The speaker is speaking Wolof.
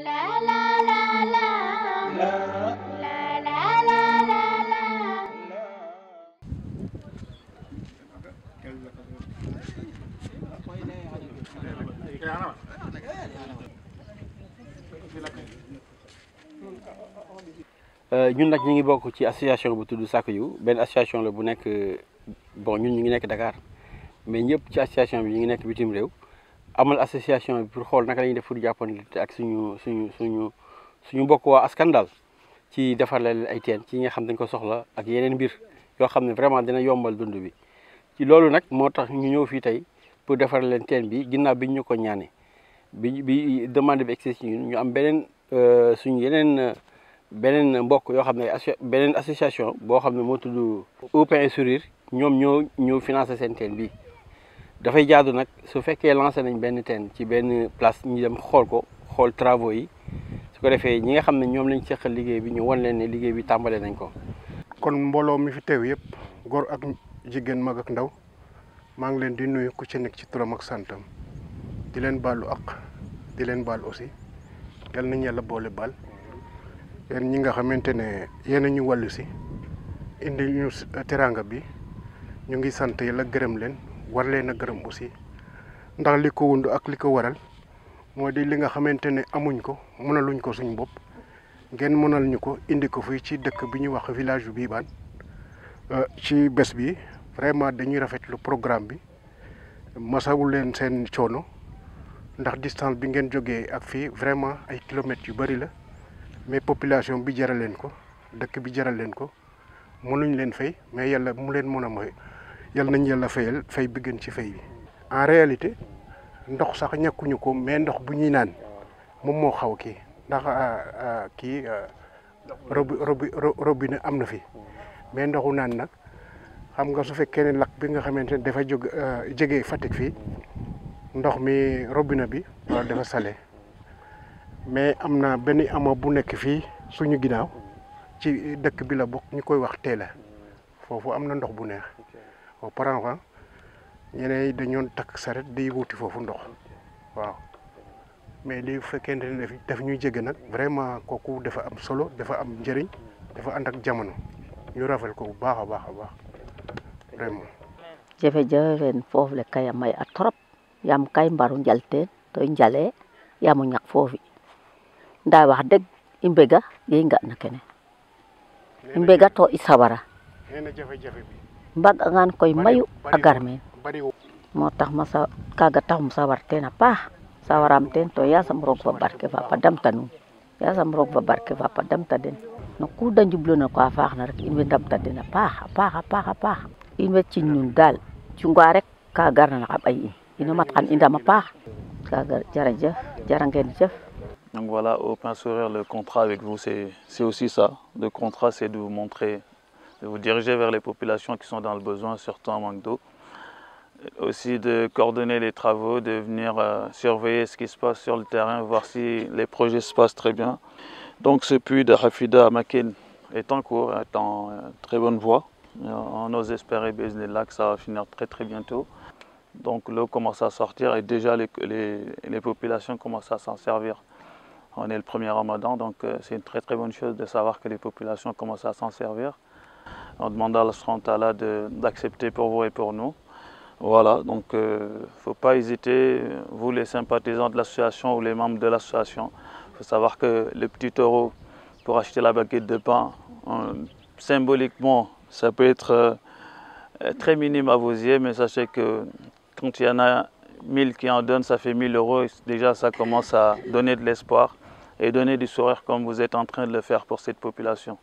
Nous avons une ngi ci association de tudd belle association de bu nekk bon ñun Dakar mais association de amal association bi pour xool naka la ñuy def pour jàppandite ak suñu suñu suñu suñu mbokk waa askan daal ci defar leen ay teen ci nga xam dañ ko soxla ak yeneen mbir yoo xam ne vraiment dina yombal dund bi ci loolu nag moo tax ñu ñëw fii tey pour defar leen teen bi ginnaaw bi ñu ko ñaane bi bi demande bi existe ñu am beneen euh, suñu yeneen beneen mbokk yoo xam ne beneen association boo xam ne moo tudd Au Pain et ñoom ñoo ñëw financé seen teen bi dafay jaadu nag su fekkee lancé nañ benn teen ci benn place ñu dem xool ko xool travaux yi su ko defee ñi nga xam ne ñoom lañ seqal liggéey bi ñu wan leen ne liggéey bi tàmbalee nañ ko. kon mbooloo mi fi teew yëpp góor ak jigéen mag ak ndaw maa ngi leen di nuyu ku ci nekk ci turam ak santam di leen baalu ak di leen baal aussi yal nañ a boole baal yéen ñi nga xamante ne yéen a ñu wàllu si indi ñu teraanga bi ñu ngi sant yàlla gërëm leen. war leena a gërëm aussi ndax li ko wund ak li ko waral moo di li nga xamantene amuñ ko mënaluñ ko suñ bopp ngeen mënal ñu ko indi ko fii ci dëkk bi ñuy wax village bu Biibaan euh, ci bés bi vraiment dañuy rafetlu programme bi masawu leen seen coono ndax distance bi ngeen jógee ak fii vraiment ay kilomètres yu bari la mais population bi jaral leen ko dëkk bi jaral leen ko mënuñ leen fay mais yàlla mu leen mën a moy yal nañ yalla fayal fay bi gën ci fay bi en réalité ndox sax ñàkkuñu ko mais ndox bu ñuy naan mom mo xaw ki ndax ah, ah, ki ah, robi robi robi amna fi mais ndoxu naan nak xam nga su fekke ne lak bi nga xamantene jog dafa jog jégué fatik fi ndox mi robinet bi wala dafa salé mais amna benn ama bu nek fi suñu ginaaw ci dëkk bi la bok ñukoy wax téla fofu amna ndox bu neex paran fa ñene dañu tak saret di wuti fofu ndox waaw mais li fekkene def daf ñuy jégg nak vraiment koku dafa am solo dafa am jëriñ dafa and ak jamono ñu rafal ko bu baaxa baaxa baax vraiment jafé jafe fofu le kay may a trop yam kay mbaru njalteen toy njalee yamu ñak fofu nda wax deug imbega mbega nga nakene kene to i sawara neena jafé bi ngan koy mayu agar men. motax ma sa kaaga taxum sawar ten a paax sawaram ten to ya roog fa barke fa pa tanu ya sam roog fa barke fa pa damta den no ku da na ko a faaxna rek in way damta den a paax a paax a paax a paax in ci cin rek ka gar na ɓay in ino mat xan inda ma paax kaga jara ngeen jef Donc voilà, au pain sourire, le contrat avec vous, c'est aussi ça. Le contrat, c'est de vous montrer de vous diriger vers les populations qui sont dans le besoin, surtout en manque d'eau. Aussi de coordonner les travaux, de venir euh, surveiller ce qui se passe sur le terrain, voir si les projets se passent très bien. Donc ce puits de Rafida à Makin est en cours, est en euh, très bonne voie. Euh, on ose espérer, là que ça va finir très très bientôt. Donc l'eau commence à sortir et déjà les, les populations commencent à s'en servir. On est le premier ramadan, donc c'est une très très bonne chose de savoir que les populations commencent à s'en servir. On demande à Allah d'accepter pour vous et pour nous. Voilà, donc il euh, ne faut pas hésiter, vous les sympathisants de l'association ou les membres de l'association, il faut savoir que le petit euro pour acheter la baguette de pain, euh, symboliquement, ça peut être euh, très minime à vos yeux, mais sachez que quand il y en a mille qui en donnent, ça fait 1000 euros, déjà ça commence à donner de l'espoir et donner du sourire comme vous êtes en train de le faire pour cette population.